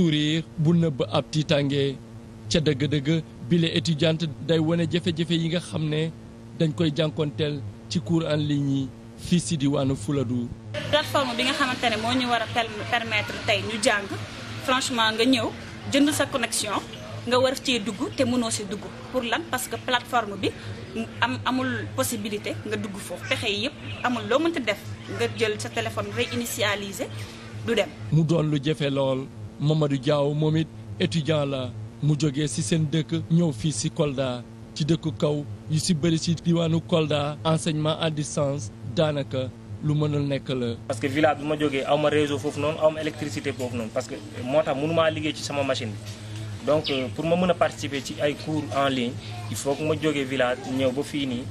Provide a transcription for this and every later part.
sourire bu nëbb ab tiitange ca dëgg-dëgg bile étudiante day wane jafe-jafe yi nga xam ne dañ koy jànkonteel ci cours en ligne yi fii si du Fuladu. plateforme bi nga xamante ne moo ñu war a permettre tey ñu jàng franchement nga ñëw jënd sa connexion nga war cee dugg te mënoo si dugg pour lan parce que plateforme bi am amul possibilité nga dugg foofu pexe yi yëpp amul loo mënta def nga jël sa téléphone réinitialiser du dem. mu doon lu jafe lool. Mamadou Diaw moom it étudiant la mu jógee ci seen dëkk ñëw fii ci Kolda ci dëkku kaw yu ci bëri ci diwaanu Kolda enseignement à distance daanaka lu mënul nekk la. parce que village bi ma jógee aw réseau foofu noonu aw ma électricité foofu noonu parce que moo tax mënumaa liggéey ci sama machine bi donc euh, pour ma mën a participer ci ay cours en ligne il faut que ma jógee village ñëw ba fii nii.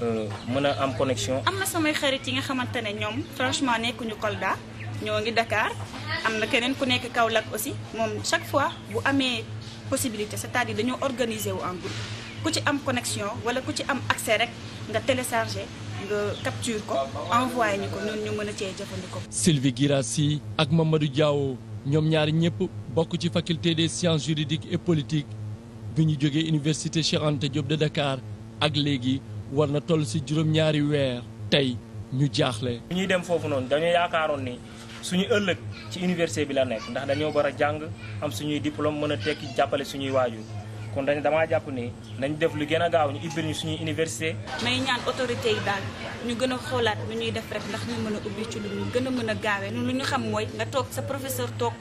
Euh, mën a am connexion. am na samay xarit yi nga xamante ñoom franchement nekkuñu Kolda am na keneen ku nekk Kaolack aussi moom chaque fois bu amee possibilité c'est-à-dire dañoo organiser wu en ku ci am connexion wala ku ci am accès rek nga télécharger nga capture ko envoyé ñu ko ñun ñu mën a cee jëfandikoo. Sylvie Guirassi ak Mamadou Diawo ñoom ñaari ñëpp bokk ci faculté des sciences juridiques et politique bi ñu jógee université Cheikh job de Dakar ak léegi war na toll ci juróom-ñaari weer tey ñu jaaxle. ñuy dem foofu noonu dañu yaakaaroon ni. suñu ëllëg ci université bi la nekk ndax dañoo war a jàng am suñuy diplôme mën a tekki jàppale suñuy waajur kon dañu damaa jàpp ni nañ def lu gën a gaaw ñu ubbil ñu suñuy université may ñaan autorité yi daal ñu gën a xoolaat lu ñuy def rek ndax ñu mën a ubbi ci lu ñu gën a mën a gaawee lu ñu xam mooy nga toog sa professeur toog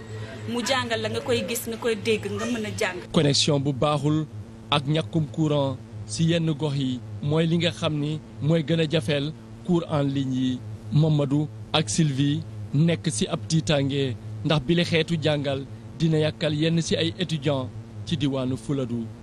mu jàngal la nga koy gis nga koy dégg nga mën jàng connexion bu baaxul ak ñàkkum courant si yenn gox yi mooy li nga xam ni mooy gën a jafeel cours en ligne yi Mamadou ak Sylvie nekk ci ab tiitaange ndax bile xeetu jàngal dina yàkkal yenn ci ay étudiants ci diwaanu Fuladu